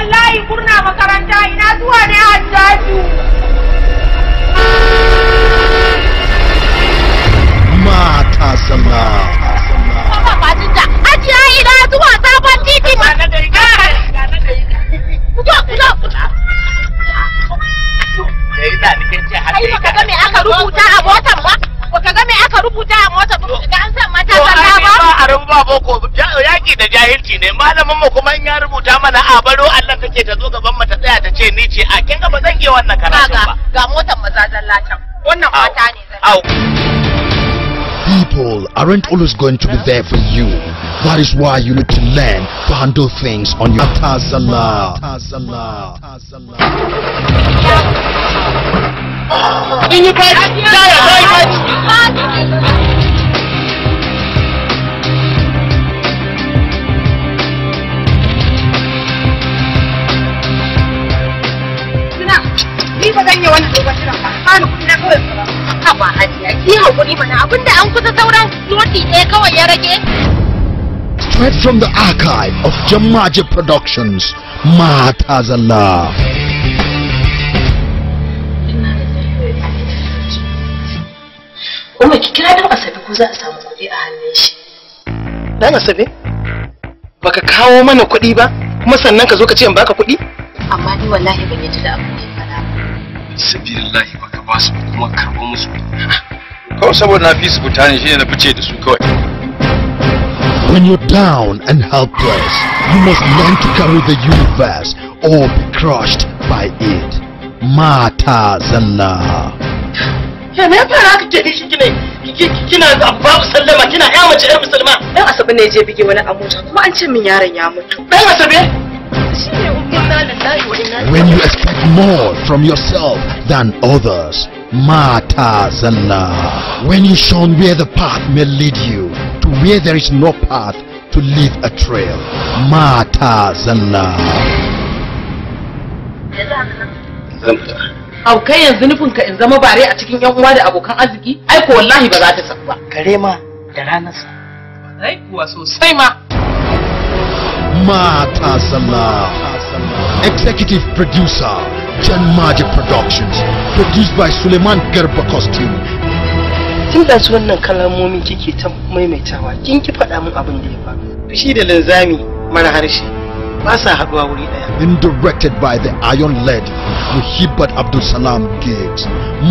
wallahi kurna makaranta ina zuwa ne a jaju mata sama kuma fatinta zuwa sabon titi ba Ai, baka ga me aka rubuta a motar ba? Baka ga me aka rubuta a motar ba? Ga an san mata ba boko yaki da jahilci ne malamin mu kuma in ya rubuta mana a baro Allah take ta zo gaban mu ta tsaya ta ce ni ce a kin ga ba zan iya wannan karatu ba ga motar mazazan latan wannan mata ne People aren't always going to be there for you. That is why you need to learn to handle things on your Atazala. Atazala. ni ba zan yi wani dogon jiran ba ba ni kuɗi na kawai ba haba hajiya ki hakuri mana abinda an kusa sauran noti ɗaya kawai ya rage Straight from the archive of Jamaji Productions, Matazallah. Umar ki kira dan Asabe ko za a samu kuɗi a hannun shi. Dan Asabe? Baka kawo mana kuɗi ba? Kuma sannan ka zo ka ce in baka kuɗi? Amma ni wallahi ban yi da abu. sabilillahi baka ba su kuma karɓo musu kawai saboda na fi su fita ne shine na fice da su kawai When you're down and helpless, you must learn to carry the universe or be crushed by it. Mata Zanna. Ya me fara ka ke biki kine kina babu sallama kina ya mace yar musulma. Dan Asabe ne je bige wani Abuja kuma an ce min yaron ya mutu. Dan Asabe? Shi ne When you expect more from yourself than others, Matazala. When you shun where the path may lead you to where there is no path to leave a trail, Matazala. Aukai yanzu ka in zama bare a cikin yan uwa da abokan arziki? Ai ko wallahi ba za ta sabu ba. Kare ma da ranarsa. Ai kuwa sosai ma. Matazala. Executive Producer, Jan Maji Productions. Produced by Suleiman Garba Costume. Tun da su wannan kalamomi kike ta maimaitawa, kin ki faɗa min abin da ya faru. Shi da linzami mara harshe ba sa haɗuwa wuri ɗaya. In directed by the Iron Lady, Muhibbat Abdul Salam Gates.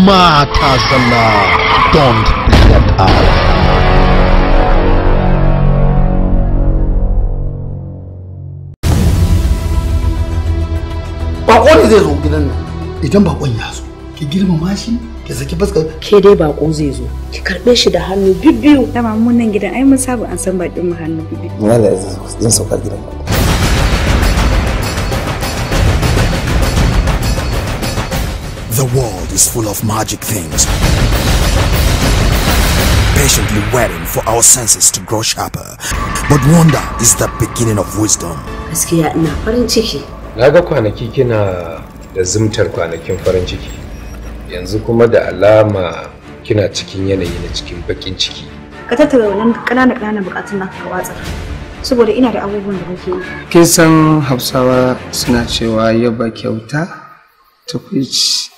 Mata Salam, don't be left out. bako ne zai zo gidan nan idan bakon ya zo ki girmama shi ki saki fuskar ke dai bako zai zo ki karbe shi da hannu bibbiyu dama mun nan gidan ai mun saba an san bakin mu hannu bibbiyu na da zan sauka gidan ku The world is full of magic things. Patiently waiting for our senses to grow sharper. But wonder is the beginning of wisdom. Gaskiya ina farin ciki na ga kwanaki kina da zumtar kwanakin farin ciki yanzu kuma da alama kina cikin yanayi na cikin bakin ciki ka tattara wannan ƙananan ƙananan bukatun naka ka watsa saboda ina da abubuwan da kake yi kin san hausawa suna cewa yaba kyauta ta kuici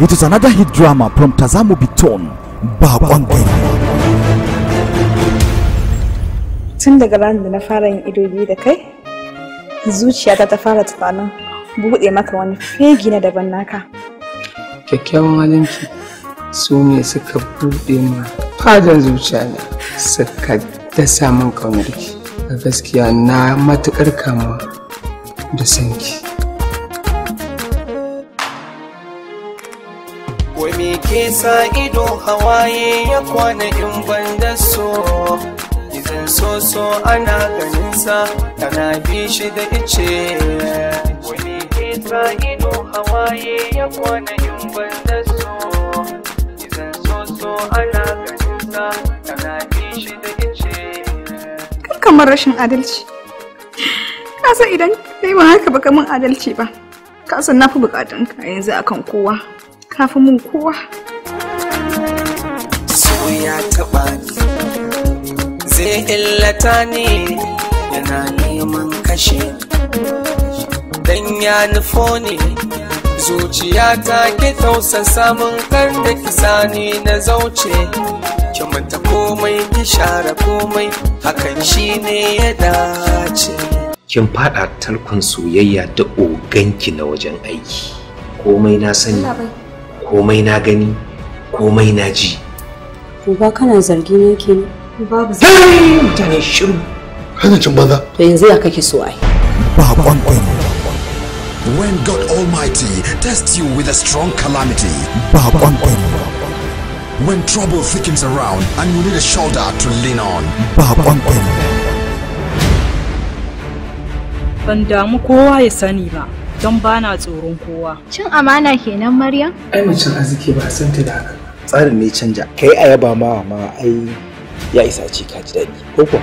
It is another hit drama from Tazamu Biton, Babangari. tun daga ranar da na fara yin ido biyu da kai zuciyata ta fara tsanin buɗe maka wani fegi na daban naka kyakkyawan halinki su ne suka buɗe ma fadan zuciya ne suka dasa min ƙaunarki a gaskiya na matuƙar kama da sanki Wai ke sa ido hawaye ya kwana in ban so soso ana ganinsa tana bi shi da ice wani hita ido hawaye ya kwana in ban so izan soso ana ganinsa tana bi shi da ice kai kamar rashin adalci kasa idan kai ba haka ba kamar adalci ba kasa na fi bukatun ka yanzu akan kowa kafin mun kowa so ya taba ni zai illata ne yana neman kashe dan ya nufo ne zuciya ta ke tausa samun kar da kisa ne na zauce kimanta komai ki share komai hakan shi ne ya dace kin fada talkon soyayya da oganki na wajen aiki komai na sani komai na gani komai na ji ba kana zargi ne Babu zai mutane shiru. Ba When God Almighty tests you with a strong calamity. Ba kwankwai. When trouble thickens around and you need a shoulder to lean on. Ba Ban damu kowa ya sani ba. don bana tsoron kowa. Cin amana kenan Maryam? Ai mace arziki ba a ta da haka. Tsarin ne canja. Kai a yaba ma ma ai ya isa ce ka ji daɗi ko kuwa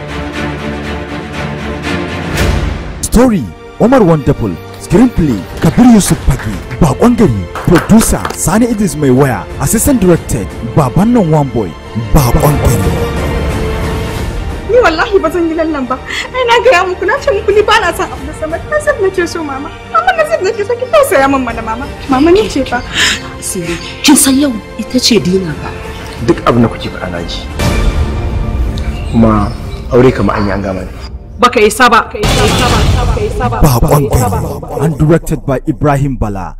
story Omar Wonderful Screenplay Kabir Yusuf Fage Bakon Gari Producer Sani Idris Mai Waya Assistant Director Baban Nan One Boy Bakon Gari Ni wallahi ba zan yi lallan ba ai na gaya muku na ce muku ni ba na san abu da sama na san nake so mama mama na san nake so ki ta saya min mana mama mama ni ce fa Sire kin san yau ita ce dina ba duk abin da kuke faɗa na ji kuma aure kamar an yi an gama ne baka isa ba baka isa ba baka isa ba ba. by Ibrahim Bala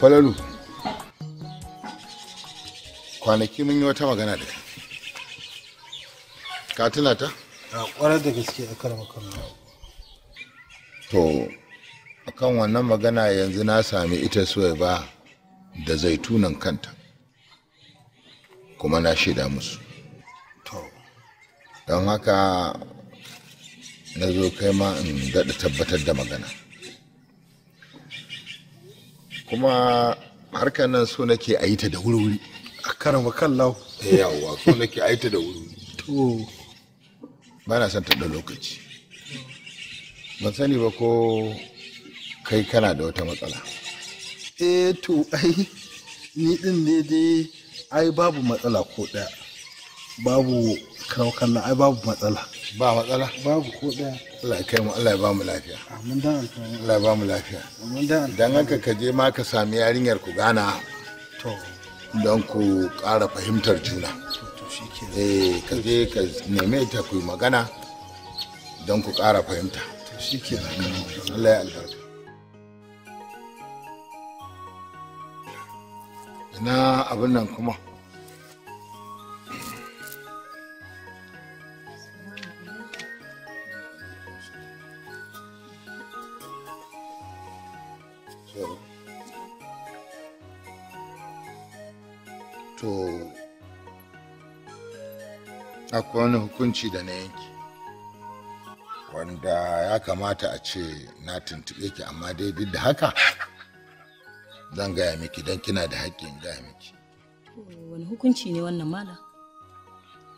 falalu kwanaki mun yi wata magana da ka tuna ta? a kwarar da gaske a karama to akan wannan magana yanzu na sami ita suwai ba da zaitunan kanta kuma na shaida musu to don haka na zo kai ma in daɗa tabbatar da magana kuma harkar nan so nake a yi ta da wuri-wuri a karama da yawa so nake a yi ta da wuri to ba na son da lokaci ban sani ba ko kai kana da wata matsala eh to ai ni din ne dai ai babu matsala ko ɗaya babu na ai babu matsala ba matsala babu ko daya Allah ya kai mu Allah ya ba mu lafiya amin da Allah ya ba mu lafiya amin da dan haka ka je ma ka sami yarinyar ku gana to don ku ƙara fahimtar juna to shike eh ka je ka neme ta ku magana don ku ƙara fahimta to shike Allah ya albarka ina abin nan kuma to akwai wani hukunci da na yanki wanda ya kamata a ce na tuntube ki amma dai duk da haka zan gaya miki don kina da haƙƙin gaya miki wani hukunci ne wannan mala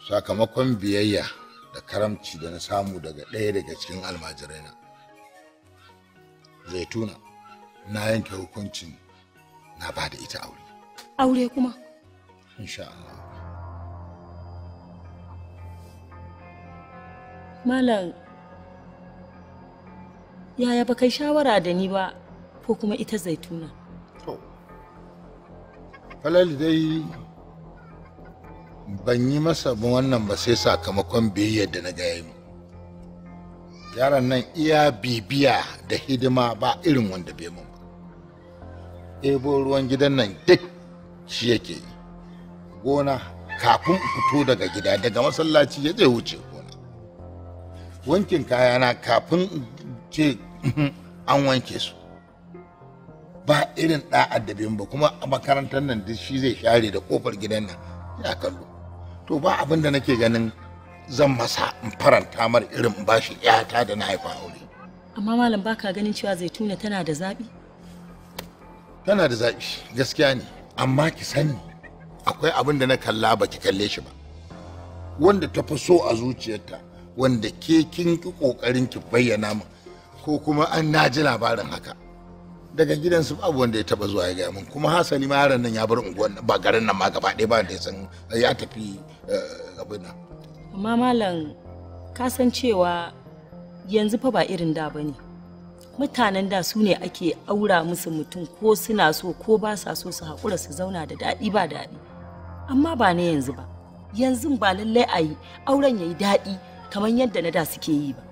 sakamakon biyayya da karamci da na samu daga ɗaya daga cikin almajirai na zaituna na yanke hukuncin na ba da ita aure aure kuma insha Allah malam yaya ba kai shawara da ni ba ko kuma ita zaituna to falali dai ban yi masa wannan ba sai sakamakon biyayya da na gaya mu yaran nan iya bibiya da hidima ba irin wanda bai mun ba ebo ruwan gidan nan duk shi yake yi gona kafin fito daga gida daga masallaci ya zai wuce gona wankin kayana kafin ce an wanke su ba irin ɗa'addabin ba kuma a makarantar nan duk shi zai share da kofar gidan nan ya kallo to ba abin da nake ganin zan masa in faranta mar irin bashi yata da na haifa aure amma malam baka ganin cewa zaituna tana da zaɓi tana da zaɓi gaskiya ne amma ki sani akwai abin da na kalla baki kalle shi ba wanda ta fi so a zuciyarta wanda ke kin ki kokarin ki bayyana mu ko kuma an na labarin haka daga gidan su babu wanda ya taba zuwa ya gaya min kuma hasali ma yaron nan ya bar unguwar ba garin nan ma gaba ɗaya ba da san eh, ya tafi eh, abin nan amma malam ka san cewa yanzu fa ba irin da bane mutanen da su ne ake aura musu mutum ko suna so ko ba sa so su haƙura su zauna da daɗi ba daɗi amma ba ne yanzu ba yanzu ba lallai a yi auren ya yi daɗi kamar yadda na da suke yi ba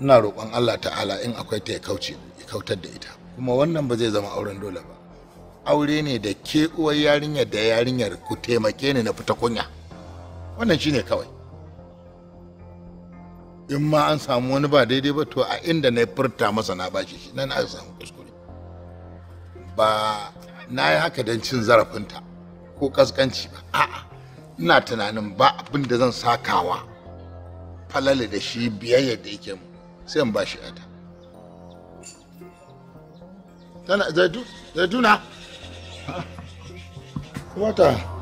ina roƙon allah ta'ala in akwai ta ya kauce ya kautar da ita kuma wannan ba zai zama auren dole ba aure ne da ke uwar yarinyar da yarinyar ku taimake ni na fita kunya wannan shine kawai in ma an samu wani ba daidai ba to a inda na furta masa na bashi shi nan na samu kuskure ba na yi haka don cin zarafinta ko kaskanci ba a'a ina tunanin ba abin da zan sakawa falale da shi biyayya da yake mu sai in ba shi ata tana zaituna wata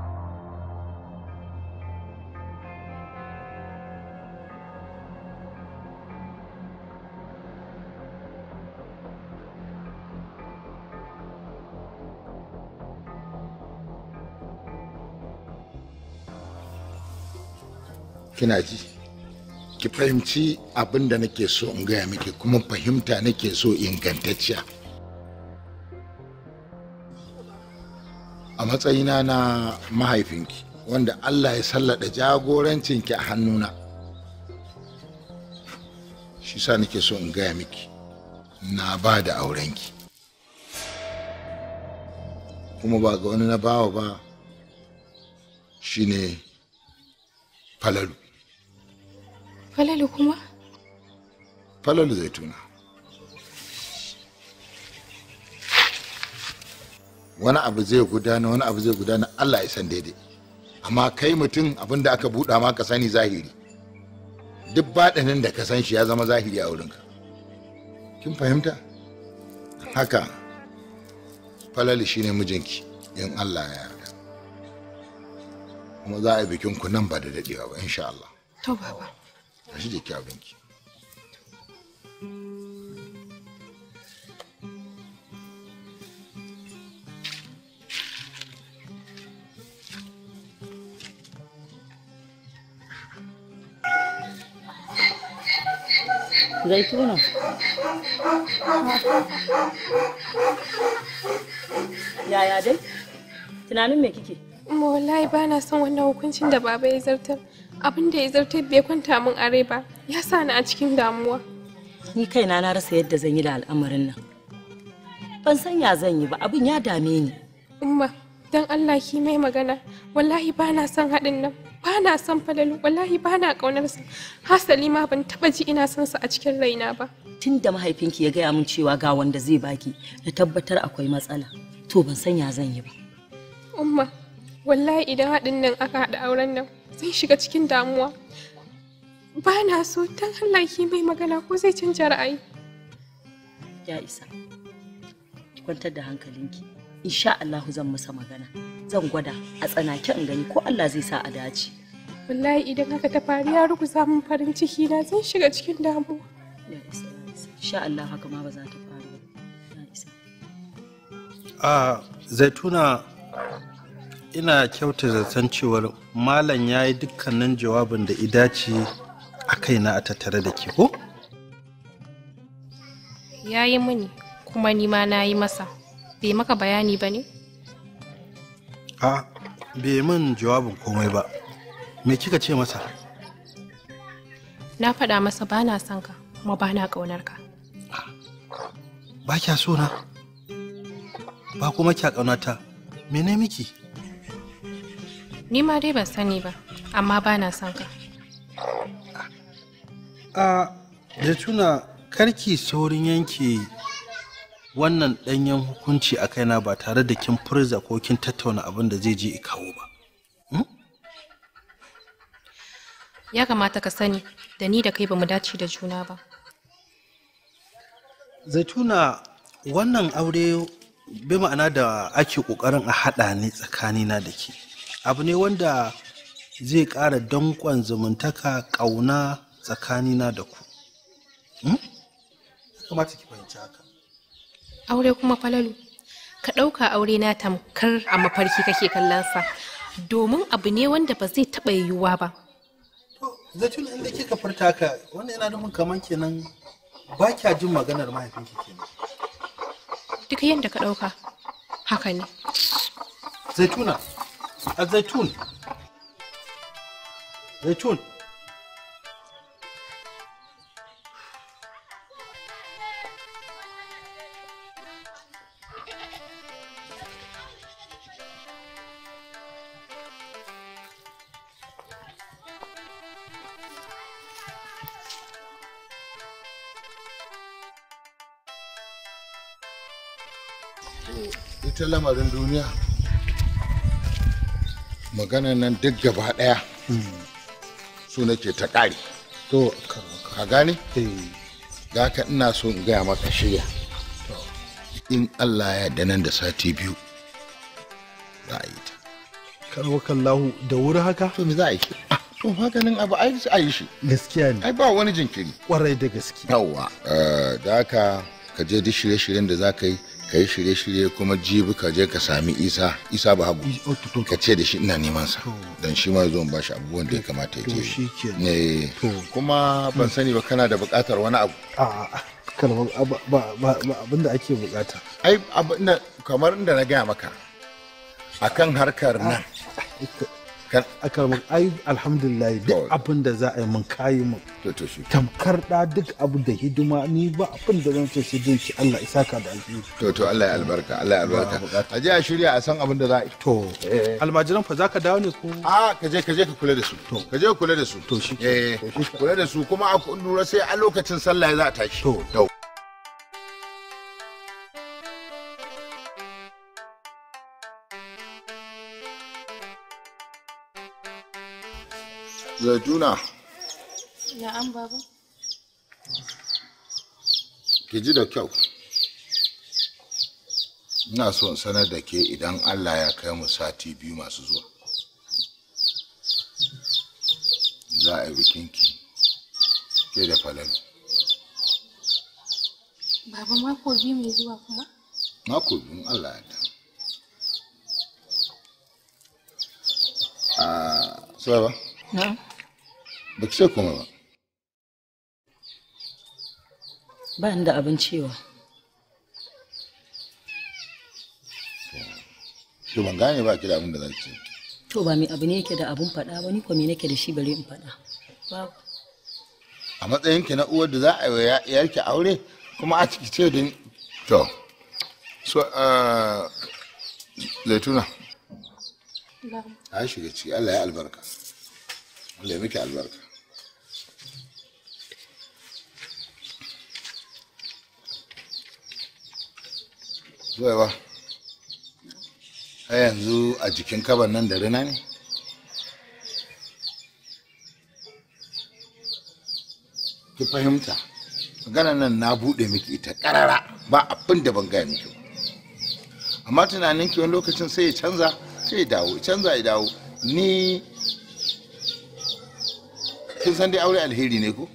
kina ji ki fahimci abin da nake so in gaya miki kuma fahimta nake so ingantacciya a matsayina na mahaifinki wanda allah ya sallada jagorancinki a hannuna shi sa nake so in gaya miki na ba da aurenki kuma ba ga wani na bawa ba shine falalu Falalu kuma? Falalu zaituna. Wani abu zai gudana, wani abu zai gudana Allah ya san daidai. Amma kai mutum abin da aka buɗa ma ka sani zahiri. Duk baɗinin da ka san shi ya zama zahiri a wurinka. Kin fahimta? Haka, Falalu shine mijinki in Allah ya yarda. Kuma za a yi bikin ku nan ba da daɗewa ba, insha Allah. To baba. shi da ki abinki ya ya dai tunanin me kike wallahi ba na son wannan hukuncin da baba ya zartar abin da ya zartar bai kwanta min are ba ya sa ni a cikin damuwa ni kaina na rasa yadda zan yi da al'amarin nan ban san ya zan yi ba abin ya dame ni umma dan Allah ki mai magana wallahi ba na son haɗin nan ba na son falalu wallahi ba na ƙaunarsa hasali ma ban taɓa ji ina son sa a cikin raina ba tun da mahaifinki ya gaya min cewa ga wanda zai baki na tabbatar akwai matsala to ban san ya zan yi ba umma wallahi idan haɗin nan aka haɗa auren nan zai shiga cikin damuwa ba na so tan Allah ki mai magana ko zai canja ra'ayi ya isa ki kwantar da hankalinki insha Allah zan masa magana zan gwada a tsanake in gani ko Allah zai sa a dace wallahi idan haka ta faru ya ruku samun farin ciki na zan shiga cikin damuwa ya isa insha Allah haka ma ba za ta faru ba ya isa a ah, zaituna ina kyauta zaton cewar malam ya yi dukkanin jawabin da ce a kaina a tattare da ke ko? Ya yi mini kuma nima na yi masa. Bai maka bayani ba ne? A, bai min jawabin komai ba. Me kika ce masa? Na faɗa masa ba na son ka kuma ba na ƙaunar ka. Ba kya so na? Ba kuma kya ƙaunata. Mene miki? Ni ma dai ban sani ba, amma ba na son ka. A da tuna karki saurin yanke wannan ɗanyen hukunci a kaina ba tare da kin furza ko kin tattauna abin da zai je kawo ba. Hmm? Ya kamata ka sani da ni da kai ba mu dace da juna ba. Zaituna wannan aure bi ma'ana da ake ƙoƙarin a haɗa ni tsakanina da ke. abu ne wanda zai ƙara danƙon zumuntaka ƙauna tsakanina da ku hmm? kamata ki fahimci haka aure kuma falalu ka ɗauka aure na tamkar a mafarki kake kallonsa domin abu ne wanda ba zai taɓa yiwuwa ba zaitun inda kika kafar taka wanda yana mun kaman kenan ba kya jin maganar mahaifinki kenan duk yadda ka ɗauka haka ne zaituna الزيتون زيتون ita lamarin duniya magana nan duk gaba daya su nake ta ƙari to ka gane ga eh. ka ina so in gaya maka shirya in allah ya da nan da sati biyu za a yi ta wa kallahu da wuri haka to me za a yi ah, to maganin abu ai a yi shi gaskiya ne ai ba wani jinkiri kwarai da gaske yawa eh, da haka ka je duk shirye-shiryen da za ka yi ka yi shirye-shirye kuma jibi ka je ka sami isa isa ba hagu oh, ka ce da shi ina neman sa don shi ma zo ba shi abubuwan da ya kamata ya je eh. kuma ban sani ba kana da buƙatar wani abu kalmar abin da ake bukata ai kamar inda na gaya maka akan harkar nan ah. akar ai alhamdulillah duk abin da za a yi mun kayi mun tamkar da duk abu da hidima ni ba abin da zan so sai din shi Allah isa ka da alheri to to Allah ya albarka Allah ya albarka a je a shirya a san abin da za a yi to eh. almajiran fa zaka dawo ne ko a ka je ka je ka kula da su ka je ka kula da su to shi eh, kula da su kuma a lura sai a lokacin sallah za a tashi to zaituna na'am baba ki ji da kyau ina son sanar da ke idan allah ya kai mu sati biyu masu zuwa za a yi bikinki ke da falali baba mako biyu mai zuwa kuma mako biyu allah ya ta a ba? na'am ba ki ce kuma ba ba da abin cewa to ban gane ba ki da abin da za ki to ba mai abu ne yake da abin faɗa ba ni ko me nake da shi bare in faɗa babu a matsayin ki na uwar da za a yi yarki aure kuma a ciki ce din to so ah, zaituna a shiga ciki Allah ya albarka Allah ya miki albarka zuwa har yanzu a jikin kaban nan da rina ne ki fahimta magana nan na buɗe miki ita ƙarara ba abin da ban gaya miki amma tunanin ki wani lokacin sai ya canza sai ya dawo canza ya dawo ni kin san dai aure alheri ne ko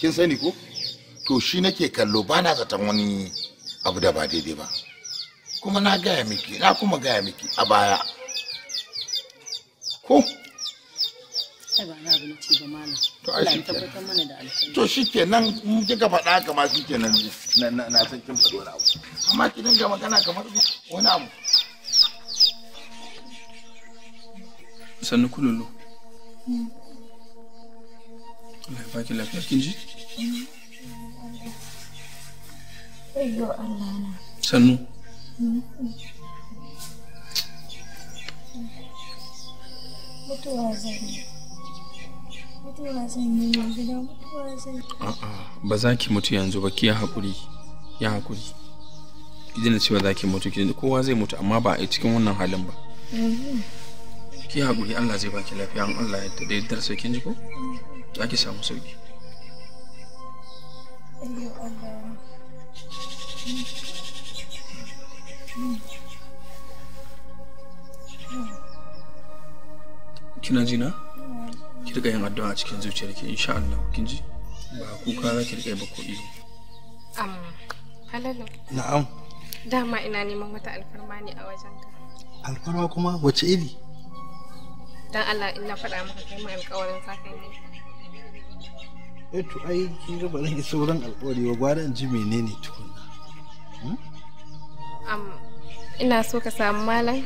kin sani ko to shi nake kallo ba na zaton wani abu da ba daidai ba kuma na gaya miki na kuma gaya miki a baya ko to shi ke nan in kika faɗa ma shi ke nan na san kin faɗi wani abu amma ki dinga magana kamar wani abu sannu kululu Allah ya baki lafiya kin ji? Sannu. A'a ba za ki mutu yanzu ba ki ya haƙuri. Ya haƙuri. Ki dina cewa za ki mutu ki kowa zai mutu amma ba a cikin wannan halin ba. Ki haƙuri Allah zai baki lafiya an Allah ya tada yardar sai kin ji ko? Za ki samu sauki. Allah. kina ji na ki riga yin addu'a a cikin zuciyarki insha Allah kin ji ba kuka za ki riga ba ko iyo am halalo na'am dama ina neman wata alfarma ne a wajen ka alfarma kuma wace iri dan Allah ina faɗa maka kai mai alƙawarin sa kai ne eh to ai kin ga ba zan yi sauran alƙawari ba gwara in ji menene tukun ina so ka samu malam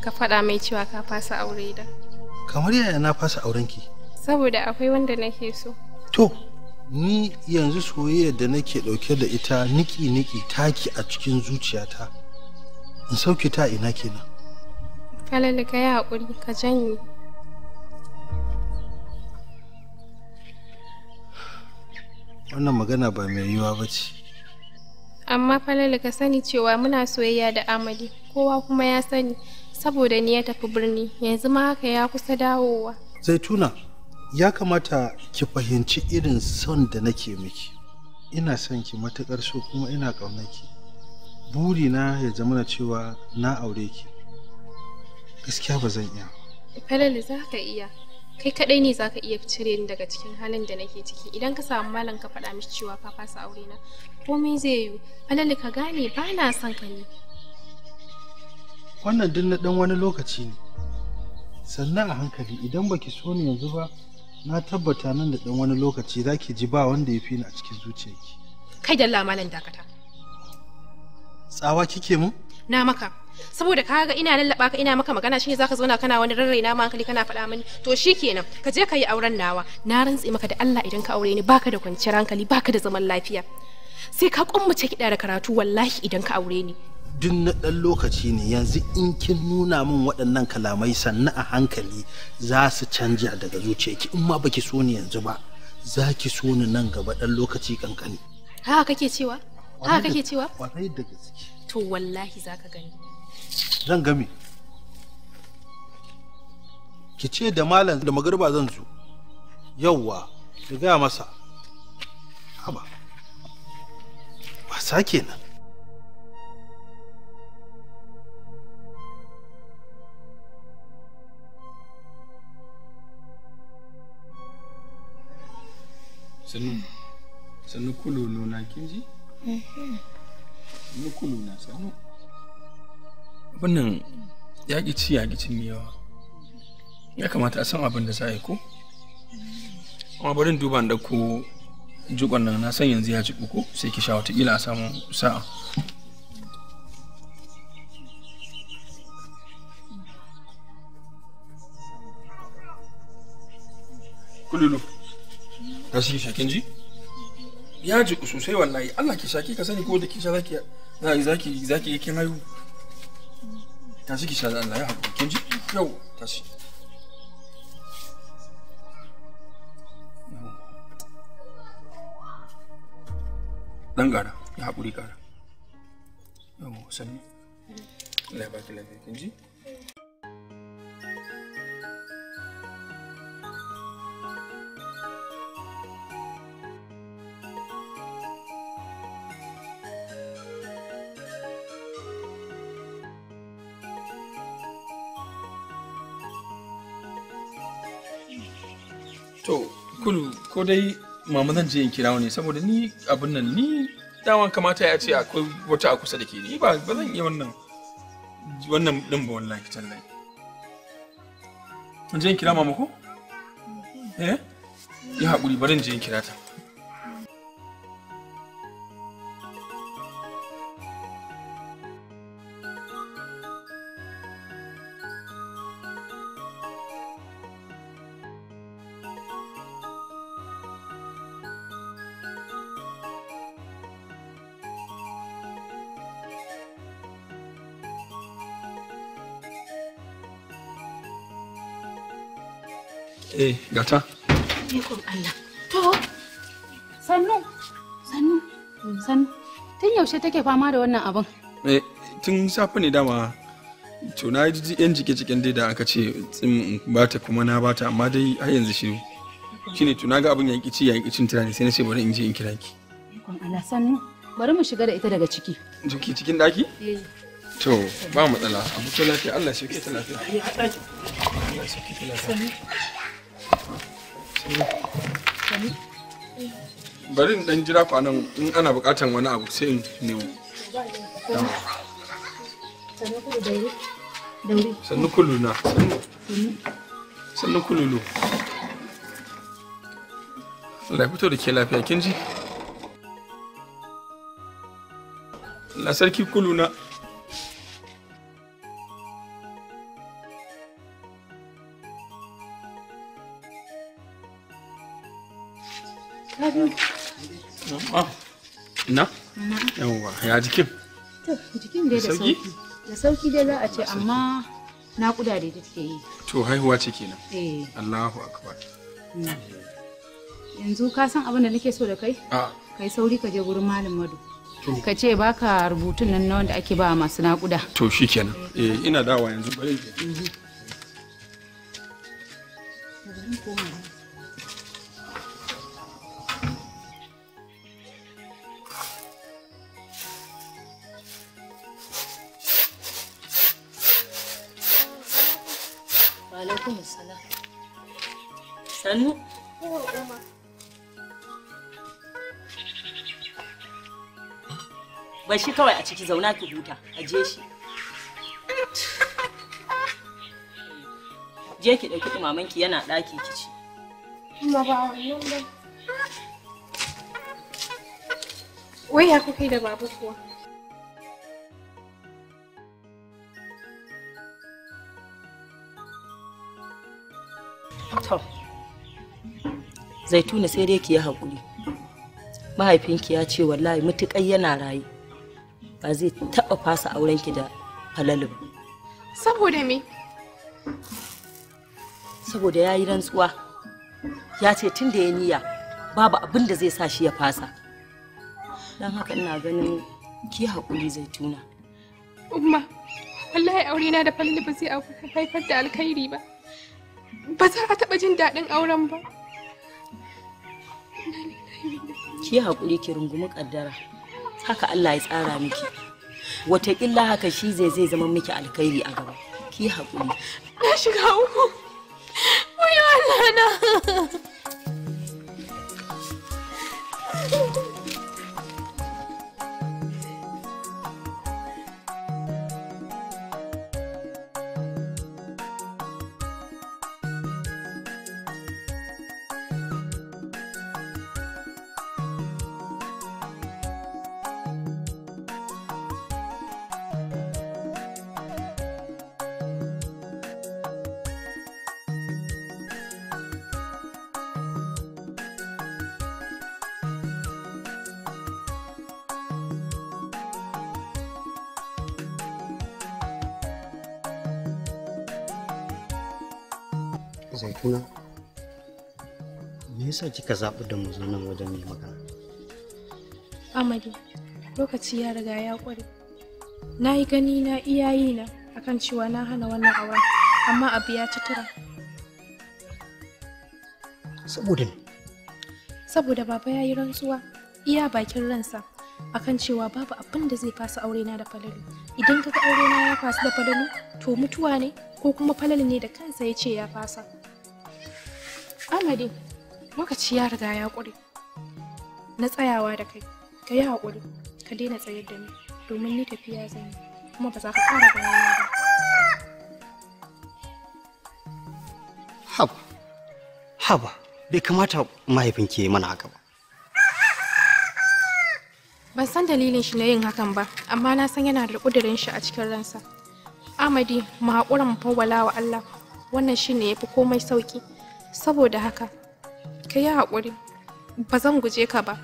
ka faɗa mai cewa ka fasa aure da. Kamar yaya na fasa aurenki? Saboda akwai wanda nake so. To, ni yanzu soyayyar da nake ɗauke da ita niki-niki taki a cikin zuciyata. In sauke ta ina kenan. Falalu ka yi haƙuri ka janye. Wannan magana ba mai yiwuwa ba ce. amma falala ka sani cewa muna soyayya da amali kowa kuma ya sani saboda ni ya tafi birni yanzu ma haka ya kusa dawowa zaituna ya kamata ki fahimci irin son da nake miki ina son ki matuƙar so kuma ina ƙaunaki burina ya zama cewa na aure ki gaskiya ba zan iya falala za ka iya kai kadai ne za ka iya cire ni daga cikin halin da nake ciki idan ka samu malam ka faɗa mishi cewa ka fasa aure na komai zai yiwu alali ka gane ba na son ka ne wannan duk na dan wani lokaci ne sannan a hankali idan baki so ni yanzu ba na tabbata nan da dan wani lokaci za ki ji ba wanda ya fi ni a cikin zuciyarki kai dalla malam dakata tsawa kike mu na maka saboda ka ga ina lallaba ka ina maka magana shine zaka zauna kana wani rarraina ma hankali kana faɗa mini to shikenan ka je ka yi auren nawa na rantsi maka da Allah idan ka aure ni baka da kwanciyar hankali baka da zaman lafiya sai ka kwammace ki da karatu wallahi idan ka aure ni duk na ɗan lokaci ne yanzu in kin nuna min waɗannan kalamai sannu a hankali za su canja daga zuciyarki in ma baki so ni yanzu ba za ki so ni nan gaba ɗan lokaci kankani haka kake cewa haka kake cewa kwarai da gaske to wallahi za ka gani zan gami ki ce da malam da magarba zan zo yawwa ki gaya masa ƙasa kenan sannu sannu kulo nuna kin ji? Eh. sannu kulo na sannu Abinnan ya yaƙi ci yaƙi ne yawa. ya kamata a san abin da za a yi ko amma bari duba da ku jikon nan na san yanzu ya ci ko sai ki sha watakila a samu sa'a kululu ta shi shakin ji ya ji sosai wallahi Allah ki shaki ka sani ko da kisha zaki zaki zaki yake mayu ta shi kisha da Allah ya haƙuri kin ji yau ta shi dan gara ya haƙuri gara yau sanni Allah ya baki ji To, kulu ko dai mama zan je in kira ne saboda ni abin nan ni daman kamata ya ce akwai wata a kusa da ke ni ba ba zan iya wannan wannan din ba wallahi tallai mun je kira mama eh ya haƙuri bari in je kira ta Gata. Ikon Allah. To, sannu, sannu, sannu. Tun yaushe take fama da wannan abin? Eh, tun safi ne dama. To, na ji yan jike-jiken dai da aka ce tsin bata kuma na bata amma dai har yanzu shi shine to na ga abin yanki ci yanki cin tunani sai na ce bari in je in kira ki. Ikon Allah sannu. Bari mu shiga da ita daga ciki. Jiki cikin daki? Eh. To, ba matsala. Abu ta lafiya Allah shi ke ta lafiya. Allah shi ke ta lafiya. bari in jira kwanan in ana bukatan wani abu sai in nemo sannu kulu na sannu kululu Allah fito da ke lafiya kin ji na sarki kuluna ya ji jikin to jikin dai da sauki da sauki dai za a ce amma na kuda da take yi to haihuwa ce kenan eh Allahu akbar mm. yanzu ka san abin da nake so da kai kai sauri ka je gurin malam madu ka ce ba ka rubutun nan na wanda ake ba masu naƙuda to shi kenan. eh ina dawa yanzu bare bari sannu bai shi kawai a ciki zauna ki huta aje shi je ki ɗauki ɗumamanki yana ɗaki ki ci wai ya kuka da babu kuwa zaituna sai dai ki yi haƙuri mahaifinki ya ce wallahi mutuƙai yana rayu ba zai taɓa fasa aurenki da falalu ba saboda me saboda ya yi rantsuwa ya ce tun da ya niyya babu abin da zai sa shi ya fasa don haka ina ganin ki haƙuri zaituna umma wallahi na da falalu ba zai haifar da alkhairi ba ba za a taɓa jin daɗin auren ba ki haƙuri ki rungumi ƙaddara haka Allah ya tsara miki wataƙila haka shi zai zai zama miki alkhairi a gaba ki haƙuri na shiga uku na zaituna me yasa kika zaɓi da mu nan wajen mai magana amadi lokaci ya riga ya ƙware na yi gani na iyayi na akan cewa na hana wannan auren amma abu ya ci tura saboda ne saboda baba ya yi rantsuwa iya bakin ransa akan cewa babu abin da zai fasa aure na da falalu idan kaga aure na ya fasu da falalu to mutuwa ne ko kuma falalu ne da kansa ya ce ya fasa Amadi, lokaci ya riga ya ƙure. Na tsayawa da kai, ka yi haƙuri, ka daina tsayar da ni, domin ni tafiya zan yi, kuma ba za ka ƙara ba. Haba, haba, bai kamata mahaifin ke mana haka ba. Ban san dalilin shi na yin hakan ba, amma na san yana da ƙudurin shi a cikin ransa. Amadi, mu haƙura mu fawwala wa Allah, wannan shi ne ya fi komai sauƙi. saboda haka ka yi haƙuri ba zan guje ka ba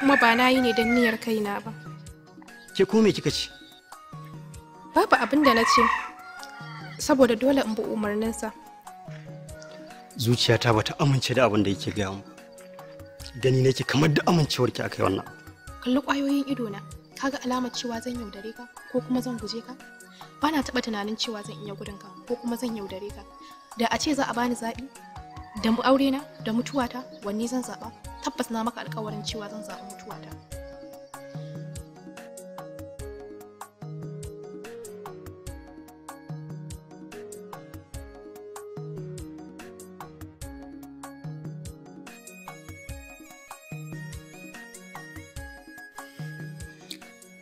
kuma ba na yi ne don niyyar kaina ba ke kome kika ce babu abin da na ce saboda dole in bi umarninsa zuciyata bata amince da abin da yake gaya mu gani nake kamar da amincewar ki akai wannan kalli ƙwayoyin ido na kaga alamar cewa zan yaudare ka ko kuma zan guje ka bana taɓa tunanin cewa zan iya gudun ka ko kuma zan yaudare ka da a ce za a bani zaɓi da mu aure na da mutuwata wanne zan zaɓa tabbas na maka alƙawarin cewa zan zaɓa mutuwata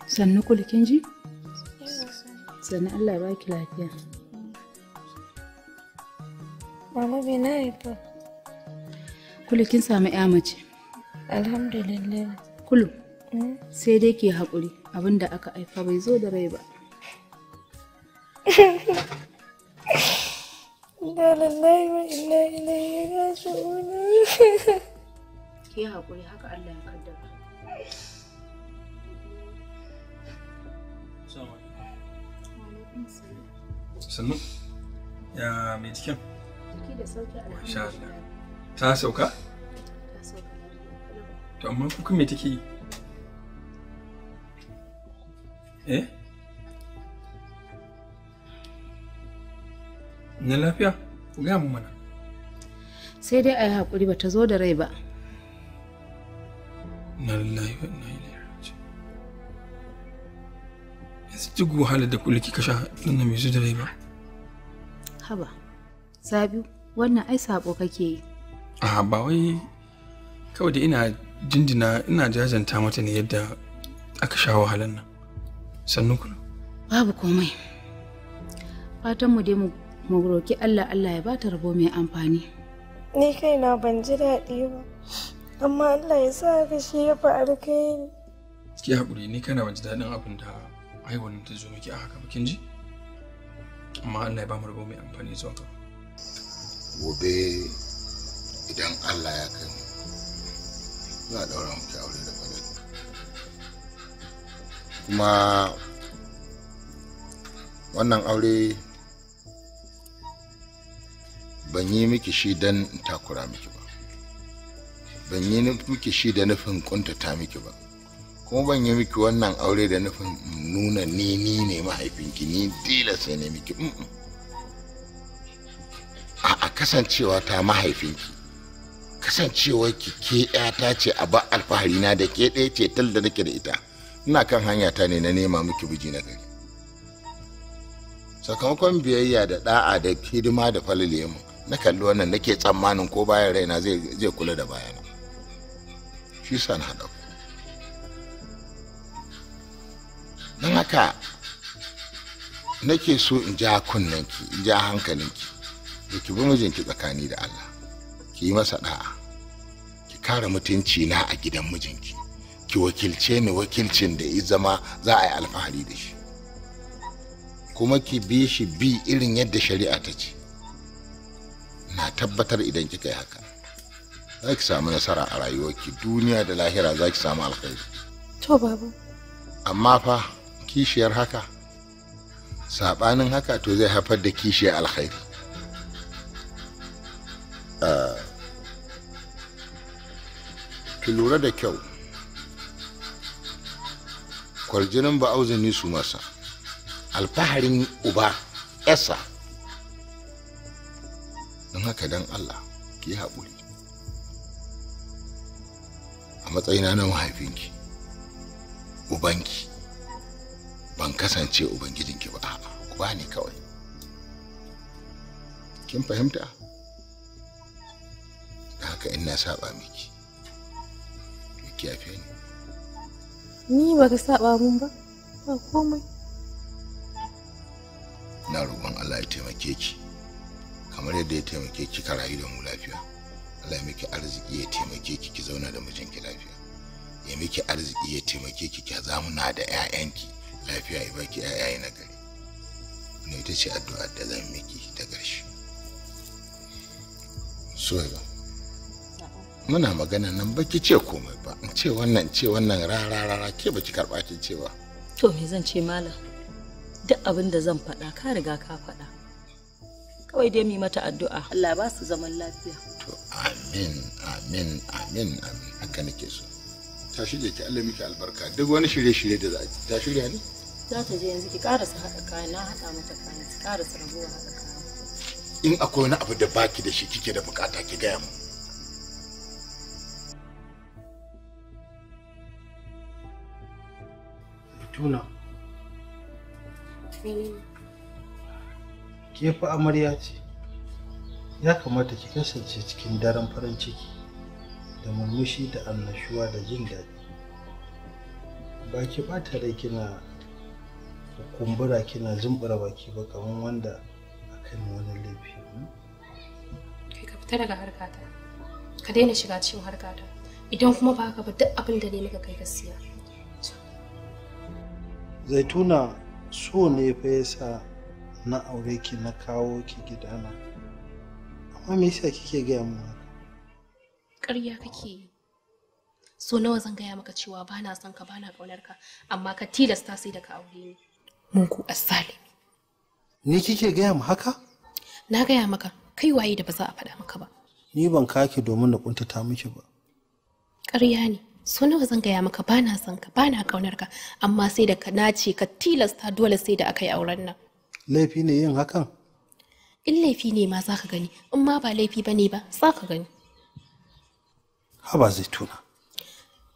sannu kulkinji sannu allah baki lafiya Mama me na haifa? Kulu kin samu ya mace. Alhamdulillah. Kulu. Hmm? Sai dai ke haƙuri abinda aka haifa bai zo da rai ba. Da lallai wa illa ilaihi raji'un. Ki haƙuri haka Allah ya kaddara. Sannu, ya mai cikin? da sauki alhamdulillah. Ta sauka? Ta sauka To amma kuka me take yi? Eh? Na lafiya? Ku gaya mu mana. Sai dai a yi haƙuri ba ta zo da rai ba. Na lallahi wa ina ilaihi Yanzu duk wahalar da kula kika sha nan na mai zo da rai ba. Haba. Sabiu wannan ai sabo kake yi a ba wai kawai da ina jinjina ina jajanta mata ne yadda aka sha wahalan nan sannu kula babu komai fatan mu dai mu roki Allah Allah ya bata rabo mai amfani ni kaina ban ji daɗi ba amma Allah ya sa ka shi ya faru kai ki haƙuri ni kana ban ji daɗin abin da haihuwar ta zo miki a haka bakin ji amma Allah ya ba mu rabo mai amfani zuwa gaba gobe idan allah ya kai mu za a daura muke aure da kuma wannan aure ban yi miki shi don takura miki ba ban yi miki shi da nufin kuntata miki ba kuma ban yi miki wannan aure da nufin nuna ni ni ne mahaifinki ni dila sai ne miki mm kasancewa ta mahaifinki kasancewa ki ke ta ce a ba alfahari na da ke ɗaya ce tal da nake da ita ina kan hanya ta ne na nema miki biji na gari sakamakon biyayya da ɗa'a da hidima da falale mu na kalli wannan nake tsammanin ko bayan raina zai kula da bayan shi sa na haɗa don haka nake so in ja kunnanki in ja hankalinki ki bi mijinki tsakani da Allah ki yi masa da'a ki kare mutunci na a gidan mijinki ki wakilce ni wakilcin da ya zama za a yi alfahari da shi kuma ki bi shi bi irin yadda shari'a ta ce na tabbatar idan kika yi haka za ki samu nasara a rayuwarki duniya da lahira za ki samu alkhairi to babu amma fa kishiyar haka sabanin haka to zai haifar da kishiyar alkhairi Eh, ki lura da kyau kwarjinin ba auzini su masa alfaharin uba esa don haka don allah ki haƙuri a matsayina na mahaifinki ubanki ban kasance ubangijinki ba a'a uba ne kawai kin fahimta da haka ina saba miki ki ni ni ba ka saba mun ba ba komai na roƙon Allah ya taimake ki kamar yadda ya taimake ki ka rayu da mu lafiya Allah ya miki arziki ya taimake ki ki zauna da ki lafiya ya miki arziki ya taimake ki ki zamuna da ƴaƴanki lafiya ya baki 'ya'yaye na gari ne ita ce addu'ar da zan miki ta ƙarshe so muna magana nan baki ce komai ba in ce wannan ce wannan rara rara ke baki karba ki ce ba to me zan ce malam duk abin da zan faɗa ka riga ka faɗa kawai dai mi mata addu'a Allah ba su zaman lafiya to amin amin amin amin haka nake so ta shirye ki Allah miki albarka duk wani shirye-shirye da za ta shirya ne za ta je yanzu ki karasa haɗa kayan na haɗa mata kayan ki karasa rabuwa haɗa kayan in akwai wani abu da baki da shi kike da bukata ki gaya mu Tuna. Eh. Ke fa amarya ce. Ya kamata ki kasance cikin daren farin ciki da murmushi da annashuwa da jin daɗi. Ba ki ɓata rai kina kumbura kina zumbura baki ba kamar wanda akan wani laifi. Hmm? Kai ka fita daga harkata. Ka daina shiga cikin harkata. Idan kuma ba ka ba duk abin da ne maka kai gaskiya. zaituna so ne fa yasa na aure ki na kawo ki gidana amma me yasa kike gaya mun ƙarya kake so nawa zan gaya maka cewa ba na son ka ba na ƙaunar ka amma ka tilasta sai da ka aure ni mun ku asali ni kike gaya mu haka na gaya maka kai waye da ba za a faɗa maka ba ni ban kake domin na kuntata miki ba ƙarya ne so nawa zan gaya maka bana son ka bana kaunar ka amma sai da ka nace ka tilasta dole sai da aka yi auren nan laifi ne yin hakan in laifi ne ma za ka gani in ma ba laifi ba ne ba za ka gani haba tuna.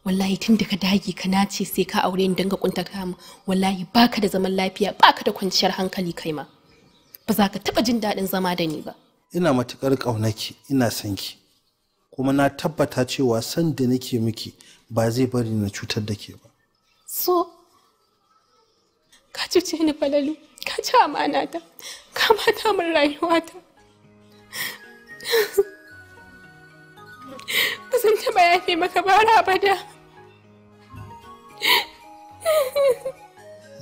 wallahi tun da ka dage ka nace sai ka aure ni dinga kunta mu wallahi baka da zaman lafiya baka da kwanciyar hankali kai ma ba za ka taba jin daɗin zama da ni ba ina matukar kaunaki ina sanki. kuma na tabbata cewa san da nake miki ba zai bari na cutar da ke ba so ka cuce ni falalu ka ci amana ta ka mata min rayuwata ba zan taɓa yafe maka ba abada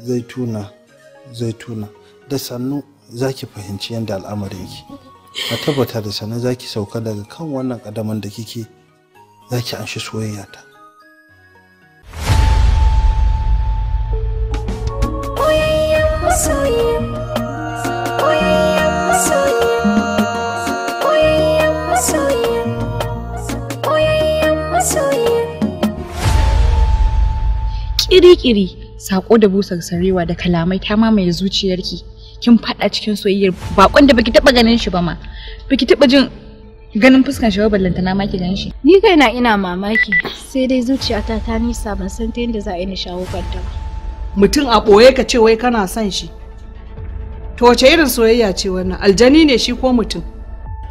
zaituna zaituna da sannu za ki fahimci yadda al'amarin ki. a tabbata da sana za ki sauka daga kan wannan kadaman da kike za ki anshi soyayya ta Kiri-kiri, saƙo da busar sarewa da kalamai ta mamaye zuciyarki. kin faɗa cikin soyayyar bakon da baki taɓa ganin shi ba ma baki taɓa jin ganin fuskar shi ba ballanta na maki ganin shi ni na ina mamaki sai dai zuciyata ta nisa ban san ta yadda za a yi ni shawo kanta ba mutum a boye ka ce wai kana son shi to wace irin soyayya ce wannan aljani ne shi ko mutum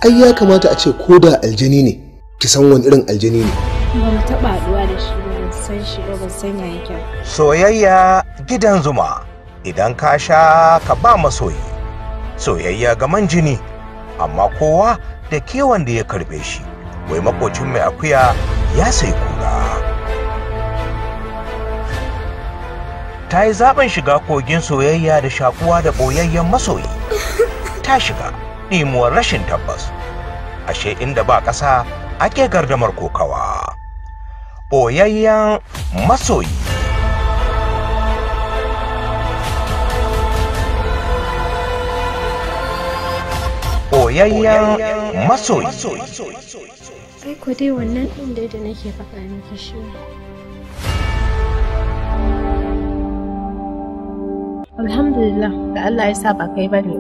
ai ya kamata a ce ko da aljani ne ki san wani irin aljani ne ba mu taɓa haɗuwa da shi ba ban san shi ba ban san ya yake soyayya gidan zuma idan ka sha ka ba masoyi soyayya ga man jini amma kowa da kewan da ya karbe shi wai makocin mai akuya ya sai kura ta yi zaben shiga kogin soyayya da shakuwa da boyayyen masoyi ta shiga ɗimuwar rashin tabbas ashe inda ba ƙasa ake gardamar kokawa ɓoyayyen masoyi soyayyen masoyi ai ku dai wannan ɗin da nake faɗa miki shi alhamdulillah da Allah ya sa ba kai ba ne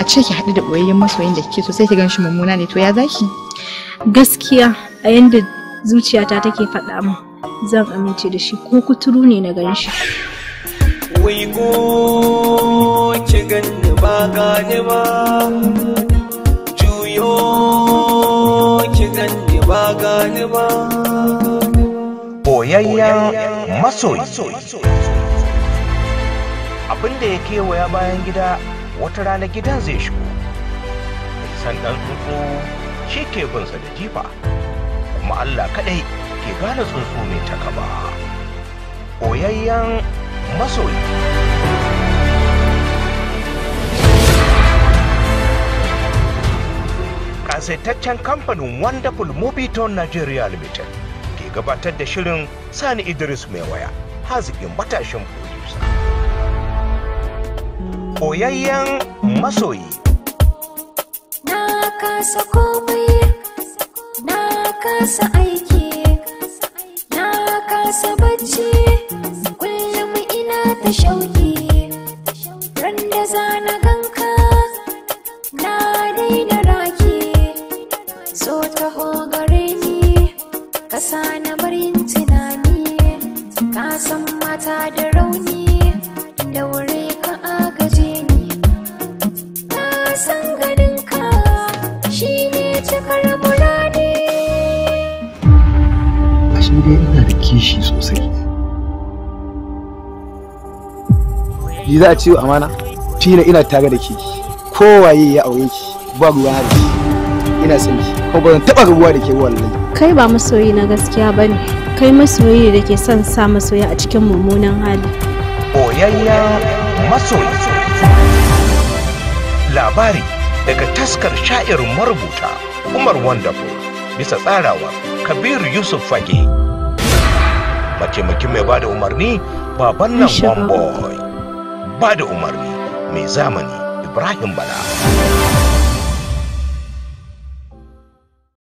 a ce ki haɗu da ɓoyayyen masoyin da kike so sai ki gan mummuna ne to ya zaki gaskiya a yanda zuciyata take faɗa min zan amince da shi ko kuturu ne na ganshi. shi wai ko ki ganni ba gane ba gani ba boyayyen masoyi abinda ya kewaya bayan gida wata rana gidan zai shigo Sandan tsuntsu shi ke binsa da jifa kuma allah kaɗai ke gane tsuntsu mai takaba boyayyen masoyi ƙasaitaccen kamfanin wonderful movie nigeria limited ke gabatar da shirin sani idris mai waya hazikin matashin producer koyayyen masoyi na kasa komai na kasa aiki na kasa bacci kullum ina ta shauki Yi za a ciwo amana fina ina tare da ke kowaye ya auye ki ba ruwa da ke ina son ki ko ba zan taba ruwa da ke wallahi kai ba masoyi na gaskiya ba ne, kai masoyi ne da ke son sa masoya a cikin mummunan hali boyayya masoyi labari daga taskar sha'irin marubuta Umar Wonderful bisa tsarawa Kabiru Yusuf Fage mataimakin mai bada umarni baban nan one boy ba da umarni mai zamani Ibrahim Bala.